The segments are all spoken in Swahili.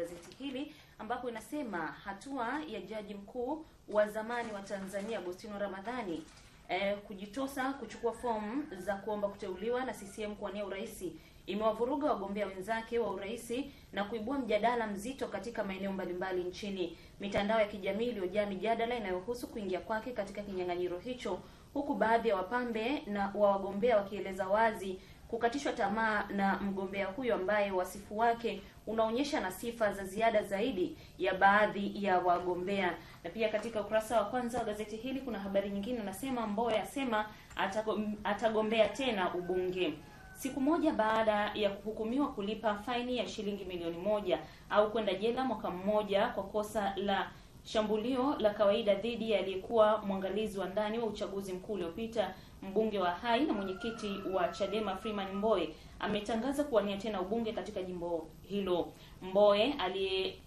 gazeti hili ambapo inasema hatua ya jaji mkuu wa zamani wa Tanzania Agostino Ramadhani eh, kujitosa kuchukua fomu za kuomba kuteuliwa na CCM kuwania urais imewavuruga wagombea wenzake wa urais na kuibua mjadala mzito katika maeneo mbalimbali nchini. Mitandao ya kijamii iliyojaa mijadala inayohusu kuingia kwake katika kinyang'anyiro hicho, huku baadhi ya wapambe na wa wagombea wakieleza wazi kukatishwa tamaa na mgombea huyo ambaye wasifu wake unaonyesha na sifa za ziada zaidi ya baadhi ya wagombea. Na pia katika ukurasa wa kwanza wa gazeti hili kuna habari nyingine anasema, Mboya asema atagombea tena ubunge siku moja baada ya kuhukumiwa kulipa faini ya shilingi milioni moja au kwenda jela mwaka mmoja kwa kosa la shambulio la kawaida dhidi ya aliyekuwa mwangalizi wa ndani wa uchaguzi mkuu uliopita mbunge wa Hai na mwenyekiti wa Chadema Freeman Mbowe ametangaza kuwania tena ubunge katika jimbo hilo. Mbowe aliye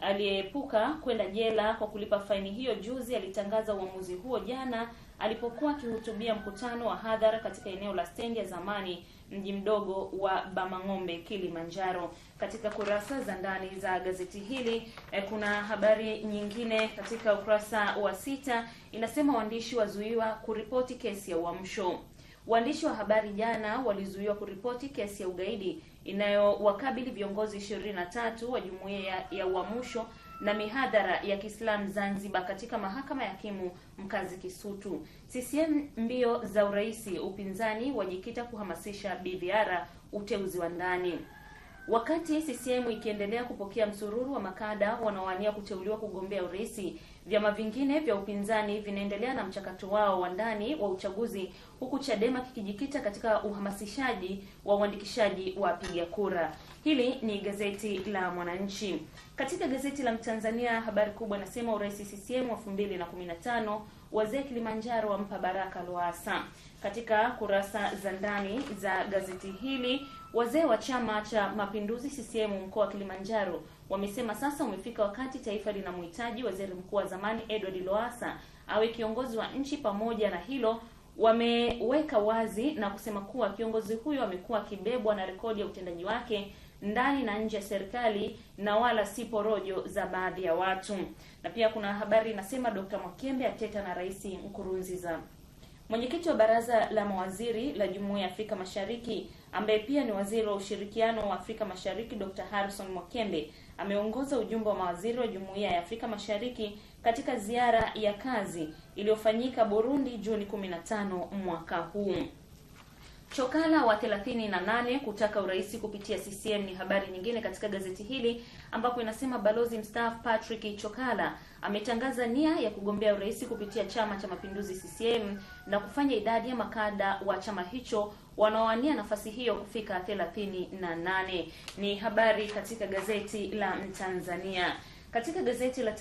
aliyeepuka kwenda jela kwa kulipa faini hiyo juzi alitangaza uamuzi huo jana alipokuwa akihutubia mkutano wa hadhara katika eneo la stendi ya zamani mji mdogo wa Bamang'ombe, Kilimanjaro. Katika kurasa za ndani za gazeti hili eh, kuna habari nyingine katika ukurasa wa sita inasema waandishi wazuiwa kuripoti kesi ya Uamsho. Waandishi wa habari jana walizuiwa kuripoti kesi ya ugaidi inayowakabili viongozi 23 wa jumuiya ya Uamsho na mihadhara ya Kiislamu Zanzibar katika mahakama ya hakimu mkazi Kisutu. CCM mbio za uraisi, upinzani wajikita kuhamasisha BVR uteuzi wa ndani. Wakati CCM ikiendelea kupokea msururu wa makada wanaowania kuteuliwa kugombea urais, vyama vingine vya upinzani vinaendelea na mchakato wao wa ndani wa uchaguzi, huku Chadema kikijikita katika uhamasishaji wa uandikishaji wa wapiga kura. Hili ni gazeti la Mwananchi. Katika gazeti la Mtanzania habari kubwa inasema urais CCM 2015 wazee Kilimanjaro wampa baraka Lowassa. Katika kurasa za ndani za gazeti hili, wazee wa Chama cha Mapinduzi CCM mkoa wa Kilimanjaro wamesema sasa umefika wakati taifa linamhitaji waziri mkuu wa zamani Edward Lowassa awe kiongozi wa nchi. Pamoja na hilo wameweka wazi na kusema kuwa kiongozi huyo amekuwa akibebwa na rekodi ya utendaji wake ndani na nje ya serikali na wala si porojo za baadhi ya watu. Na pia kuna habari inasema Dr. Mwakembe ateta na Rais Nkurunziza. Mwenyekiti wa baraza la mawaziri la Jumuiya ya Afrika Mashariki ambaye pia ni waziri wa ushirikiano wa Afrika Mashariki Dr. Harrison Mwakembe ameongoza ujumbe wa mawaziri wa Jumuiya ya Afrika Mashariki katika ziara ya kazi iliyofanyika Burundi Juni 15 mwaka huu. Chokala wa 38 kutaka urais kupitia CCM ni habari nyingine katika gazeti hili ambapo inasema balozi mstaafu Patrick Chokala ametangaza nia ya kugombea urais kupitia chama cha mapinduzi CCM na kufanya idadi ya makada wa chama hicho wanaowania nafasi hiyo kufika 38. ni habari katika gazeti la Mtanzania. Katika gazeti la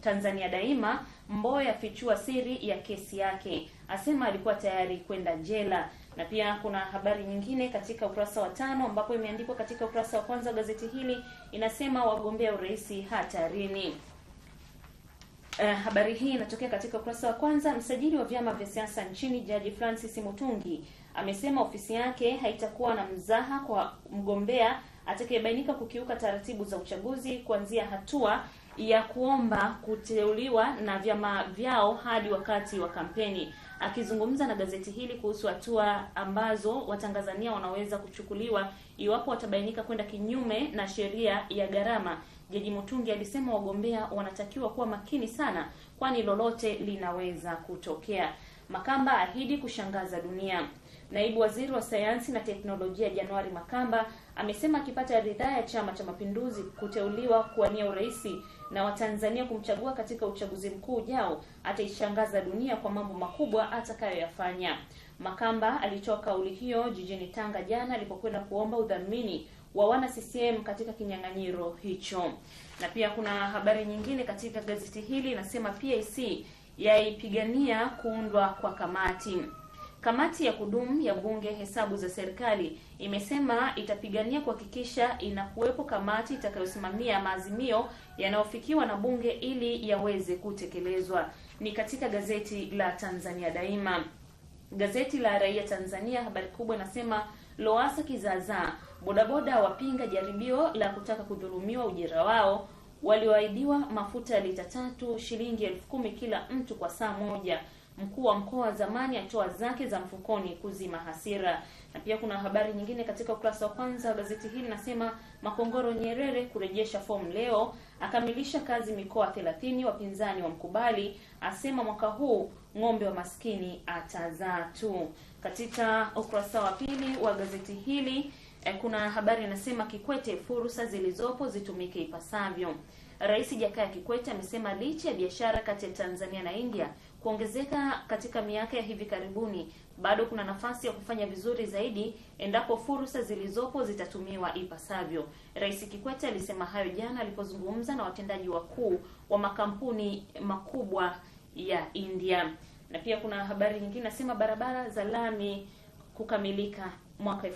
Tanzania, Daima, Mboya afichua siri ya kesi yake, asema alikuwa tayari kwenda jela. Na pia kuna habari nyingine katika ukurasa wa tano ambapo imeandikwa katika ukurasa wa kwanza wa gazeti hili inasema wagombea urais hatarini. Uh, habari hii inatokea katika ukurasa wa kwanza. Msajili wa vyama vya siasa nchini Jaji Francis Mutungi amesema ofisi yake haitakuwa na mzaha kwa mgombea atakayebainika kukiuka taratibu za uchaguzi kuanzia hatua ya kuomba kuteuliwa na vyama vyao hadi wakati wa kampeni. Akizungumza na gazeti hili kuhusu hatua ambazo watangazania wanaweza kuchukuliwa iwapo watabainika kwenda kinyume na sheria ya gharama, Jaji Mutungi alisema wagombea wanatakiwa kuwa makini sana, kwani lolote linaweza kutokea. Makamba ahidi kushangaza dunia. Naibu Waziri wa Sayansi na Teknolojia Januari Makamba amesema akipata ridhaa ya Chama cha Mapinduzi kuteuliwa kuwania urais na Watanzania kumchagua katika uchaguzi mkuu ujao, ataishangaza dunia kwa mambo makubwa atakayoyafanya. Makamba alitoa kauli hiyo jijini Tanga jana alipokwenda kuomba udhamini wa wana CCM katika kinyang'anyiro hicho. Na pia kuna habari nyingine katika gazeti hili inasema PAC yaipigania kuundwa kwa kamati Kamati ya kudumu ya bunge hesabu za serikali imesema itapigania kuhakikisha inakuwepo kamati itakayosimamia maazimio yanayofikiwa na bunge ili yaweze kutekelezwa. Ni katika gazeti la Tanzania Daima. Gazeti la Raia Tanzania habari kubwa inasema Lowassa kizaazaa, bodaboda wapinga jaribio la kutaka kudhulumiwa ujira wao, walioahidiwa mafuta ya lita tatu shilingi elfu kumi kila mtu kwa saa moja Mkuu wa mkoa wa zamani atoa zake za mfukoni kuzima hasira. Na pia kuna habari nyingine katika ukurasa wa kwanza wa gazeti hili nasema, Makongoro Nyerere kurejesha fomu leo, akamilisha kazi mikoa 30, wapinzani wa mkubali asema mwaka huu ng'ombe wa maskini atazaa tu. Katika ukurasa wa pili wa gazeti hili eh, kuna habari inasema Kikwete, fursa zilizopo zitumike ipasavyo. Rais Jakaya Kikwete amesema licha ya biashara kati ya Tanzania na India kuongezeka katika miaka ya hivi karibuni, bado kuna nafasi ya kufanya vizuri zaidi endapo fursa zilizopo zitatumiwa ipasavyo. Rais Kikwete alisema hayo jana alipozungumza na watendaji wakuu wa makampuni makubwa ya India. Na pia kuna habari nyingine nasema barabara za lami kukamilika mwaka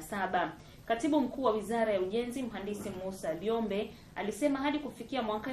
saba. Katibu mkuu wa Wizara ya Ujenzi Mhandisi Musa Liombe alisema hadi kufikia mwaka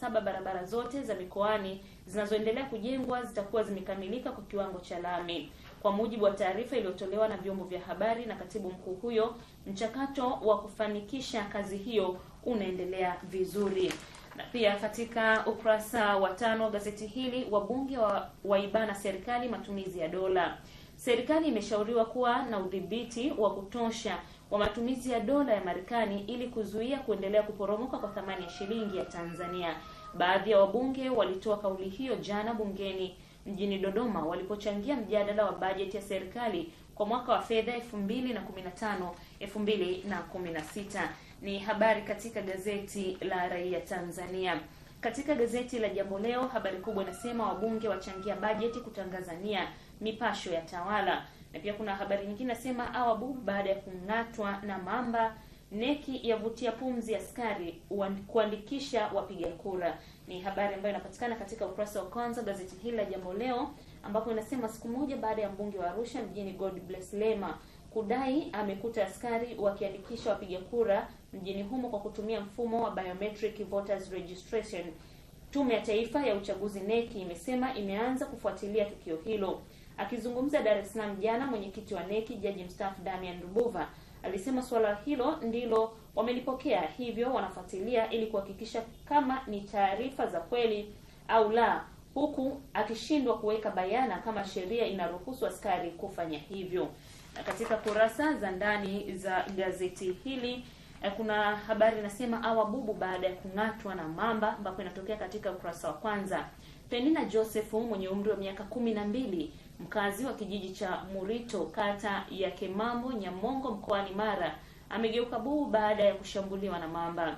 saba barabara zote za mikoani zinazoendelea kujengwa zitakuwa zimekamilika kwa kiwango cha lami. Kwa mujibu wa taarifa iliyotolewa na vyombo vya habari na katibu mkuu huyo, mchakato wa kufanikisha kazi hiyo unaendelea vizuri. Na pia katika ukurasa wa tano gazeti hili, wabunge wa waibana serikali matumizi ya dola serikali imeshauriwa kuwa na udhibiti wa kutosha wa matumizi ya dola ya Marekani ili kuzuia kuendelea kuporomoka kwa thamani ya shilingi ya Tanzania. Baadhi ya wabunge walitoa kauli hiyo jana bungeni mjini Dodoma walipochangia mjadala wa bajeti ya serikali kwa mwaka wa fedha 2015 2016. Ni habari katika gazeti la Raia Tanzania. Katika gazeti la Jambo Leo habari kubwa inasema wabunge wachangia bajeti kutangaza nia mipasho ya tawala. Na pia kuna habari nyingine nasema awabu baada ya kung'atwa na mamba neki yavutia pumzi askari kuandikisha wapiga kura. Ni habari ambayo inapatikana katika ukurasa wa kwanza gazeti hili la Jambo Leo, ambapo inasema siku moja baada ya mbunge wa Arusha mjini God bless Lema kudai amekuta askari wakiandikisha wapiga kura mjini humo kwa kutumia mfumo wa biometric voters registration, tume ya taifa ya uchaguzi neki imesema imeanza kufuatilia tukio hilo. Akizungumza Dar es Salaam jana, mwenyekiti wa neki jaji mstaafu Damian Rubuva alisema suala hilo ndilo wamelipokea, hivyo wanafuatilia ili kuhakikisha kama ni taarifa za kweli au la, huku akishindwa kuweka bayana kama sheria inaruhusu askari kufanya hivyo. Na katika kurasa za ndani za gazeti hili eh, kuna habari inasema awabubu baada ya kung'atwa na mamba, ambapo inatokea katika ukurasa wa kwanza. Penina Joseph mwenye umri wa miaka kumi na mbili mkazi wa kijiji cha Murito kata ya Kemambo Nyamongo mkoani Mara amegeuka buu baada ya kushambuliwa na mamba.